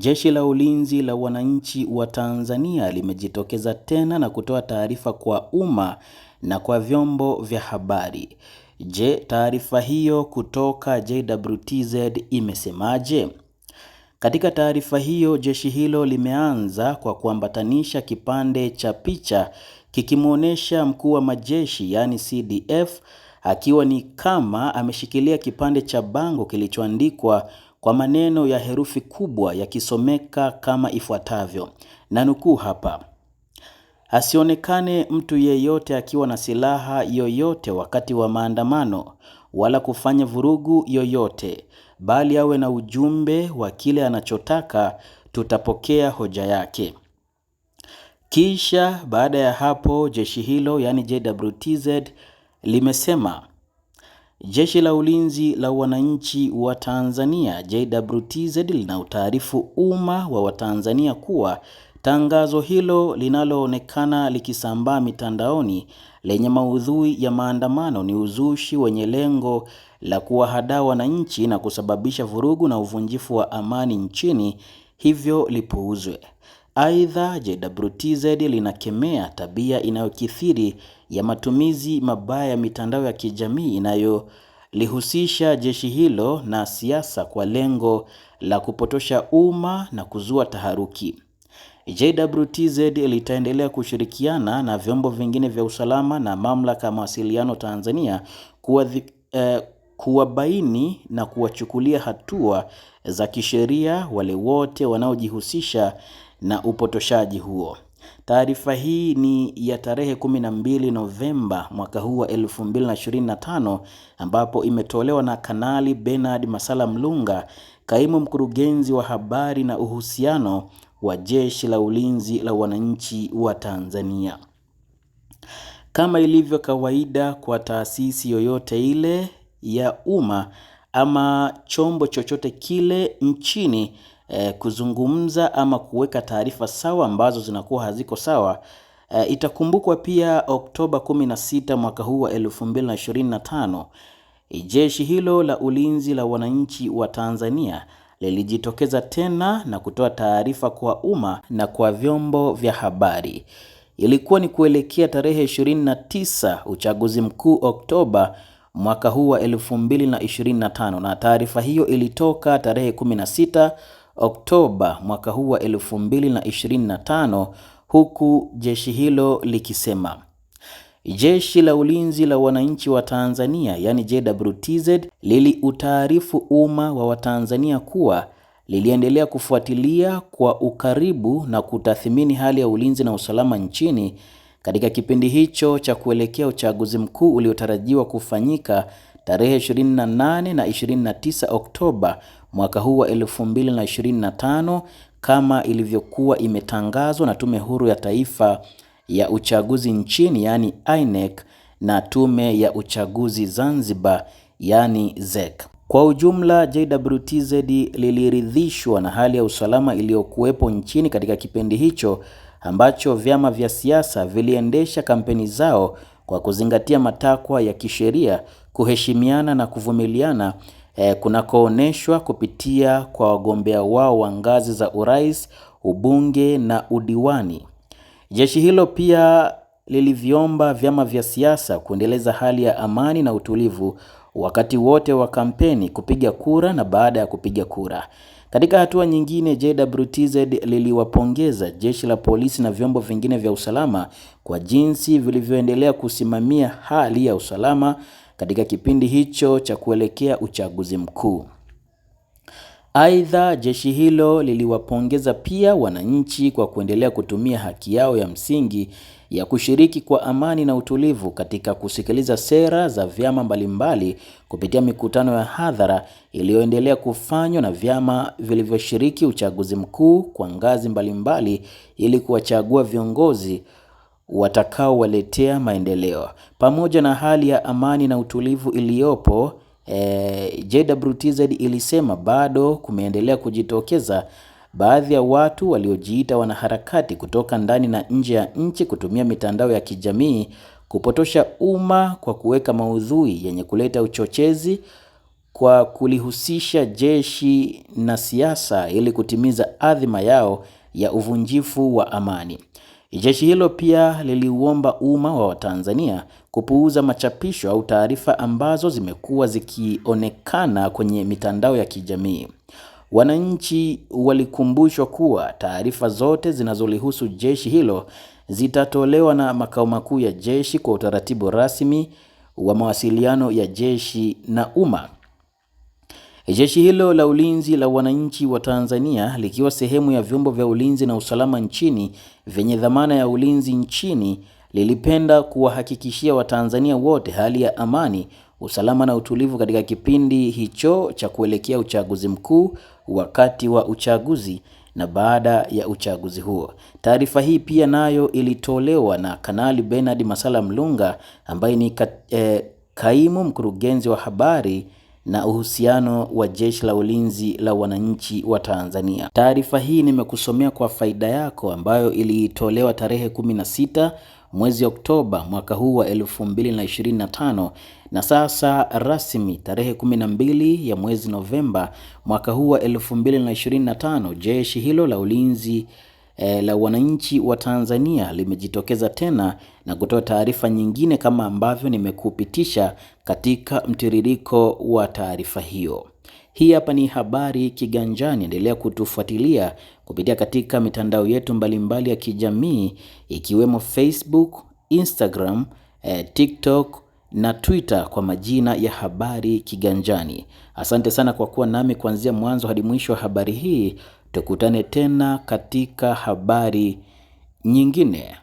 Jeshi la Ulinzi la Wananchi wa Tanzania limejitokeza tena na kutoa taarifa kwa umma na kwa vyombo vya habari. Je, taarifa hiyo kutoka JWTZ imesemaje? Katika taarifa hiyo, jeshi hilo limeanza kwa kuambatanisha kipande cha picha kikimwonyesha mkuu wa majeshi yaani CDF akiwa ni kama ameshikilia kipande cha bango kilichoandikwa kwa maneno ya herufi kubwa yakisomeka kama ifuatavyo, na nukuu hapa: asionekane mtu yeyote akiwa na silaha yoyote wakati wa maandamano wala kufanya vurugu yoyote, bali awe na ujumbe wa kile anachotaka, tutapokea hoja yake. Kisha baada ya hapo jeshi hilo, yaani JWTZ, limesema Jeshi la Ulinzi la Wananchi wa Tanzania JWTZ lina utaarifu umma wa Watanzania kuwa tangazo hilo linaloonekana likisambaa mitandaoni lenye maudhui ya maandamano ni uzushi wenye lengo la kuwahadaa wananchi na kusababisha vurugu na uvunjifu wa amani nchini, hivyo lipuuzwe. Aidha, JWTZ linakemea tabia inayokithiri ya matumizi mabaya ya mitandao ya kijamii inayolihusisha jeshi hilo na siasa kwa lengo la kupotosha umma na kuzua taharuki. JWTZ litaendelea kushirikiana na vyombo vingine vya usalama na Mamlaka ya Mawasiliano Tanzania eh, kuwabaini eh, na kuwachukulia hatua za kisheria wale wote wanaojihusisha na upotoshaji huo. Taarifa hii ni ya tarehe 12 Novemba mwaka huu wa 2025 ambapo imetolewa na Kanali Bernard Masala Mlunga, kaimu mkurugenzi wa habari na uhusiano wa Jeshi la Ulinzi la Wananchi wa Tanzania. Kama ilivyo kawaida kwa taasisi yoyote ile ya umma ama chombo chochote kile nchini eh, kuzungumza ama kuweka taarifa sawa ambazo zinakuwa haziko sawa. Eh, itakumbukwa pia Oktoba 16 mwaka huu wa 2025 jeshi hilo la ulinzi la wananchi wa Tanzania lilijitokeza tena na kutoa taarifa kwa umma na kwa vyombo vya habari. Ilikuwa ni kuelekea tarehe 29 uchaguzi mkuu Oktoba mwaka huu wa 2025 na taarifa hiyo ilitoka tarehe 16 Oktoba mwaka huu wa 2025 huku jeshi hilo likisema Jeshi la Ulinzi la Wananchi wa Tanzania yani JWTZ liliutaarifu umma wa Watanzania kuwa liliendelea kufuatilia kwa ukaribu na kutathmini hali ya ulinzi na usalama nchini katika kipindi hicho cha kuelekea uchaguzi mkuu uliotarajiwa kufanyika tarehe 28 na 29 Oktoba mwaka huu wa 2025 kama ilivyokuwa imetangazwa na Tume Huru ya Taifa ya Uchaguzi nchini yani INEC na Tume ya Uchaguzi Zanzibar yani ZEC. Kwa ujumla, JWTZ liliridhishwa na hali ya usalama iliyokuwepo nchini katika kipindi hicho ambacho vyama vya siasa viliendesha kampeni zao kwa kuzingatia matakwa ya kisheria kuheshimiana na kuvumiliana eh, kunakoonyeshwa kupitia kwa wagombea wao wa ngazi za urais, ubunge na udiwani. Jeshi hilo pia liliviomba vyama vya siasa kuendeleza hali ya amani na utulivu wakati wote wa kampeni, kupiga kura na baada ya kupiga kura. Katika hatua nyingine, JWTZ liliwapongeza jeshi la polisi na vyombo vingine vya usalama kwa jinsi vilivyoendelea kusimamia hali ya usalama katika kipindi hicho cha kuelekea uchaguzi mkuu. Aidha, jeshi hilo liliwapongeza pia wananchi kwa kuendelea kutumia haki yao ya msingi ya kushiriki kwa amani na utulivu katika kusikiliza sera za vyama mbalimbali kupitia mikutano ya hadhara iliyoendelea kufanywa na vyama vilivyoshiriki uchaguzi mkuu kwa ngazi mbalimbali ili kuwachagua viongozi watakaowaletea maendeleo. Pamoja na hali ya amani na utulivu iliyopo eh, JWTZ ilisema bado kumeendelea kujitokeza baadhi ya watu waliojiita wanaharakati kutoka ndani na nje ya nchi kutumia mitandao ya kijamii kupotosha umma kwa kuweka maudhui yenye kuleta uchochezi kwa kulihusisha jeshi na siasa ili kutimiza adhima yao ya uvunjifu wa amani. Jeshi hilo pia liliuomba umma wa Watanzania kupuuza machapisho au taarifa ambazo zimekuwa zikionekana kwenye mitandao ya kijamii. Wananchi walikumbushwa kuwa taarifa zote zinazolihusu jeshi hilo zitatolewa na makao makuu ya jeshi kwa utaratibu rasmi wa mawasiliano ya jeshi na umma. Jeshi hilo la ulinzi la wananchi wa Tanzania likiwa sehemu ya vyombo vya ulinzi na usalama nchini vyenye dhamana ya ulinzi nchini lilipenda kuwahakikishia Watanzania wote hali ya amani, usalama na utulivu katika kipindi hicho cha kuelekea uchaguzi mkuu, wakati wa uchaguzi na baada ya uchaguzi huo. Taarifa hii pia nayo ilitolewa na Kanali Bernard Masala Mlunga ambaye ni ka, eh, kaimu mkurugenzi wa habari na uhusiano wa Jeshi la Ulinzi la Wananchi wa Tanzania. Taarifa hii nimekusomea kwa faida yako ambayo ilitolewa tarehe 16 mwezi Oktoba mwaka huu wa 2025 na sasa rasmi tarehe 12 ya mwezi Novemba mwaka huu wa 2025 jeshi hilo la ulinzi e, la wananchi wa Tanzania limejitokeza tena na kutoa taarifa nyingine kama ambavyo nimekupitisha katika mtiririko wa taarifa hiyo. Hii hapa ni Habari Kiganjani. Endelea kutufuatilia kupitia katika mitandao yetu mbalimbali ya kijamii ikiwemo Facebook, Instagram, eh, TikTok na Twitter kwa majina ya Habari Kiganjani. Asante sana kwa kuwa nami kuanzia mwanzo hadi mwisho wa habari hii. Tukutane tena katika habari nyingine.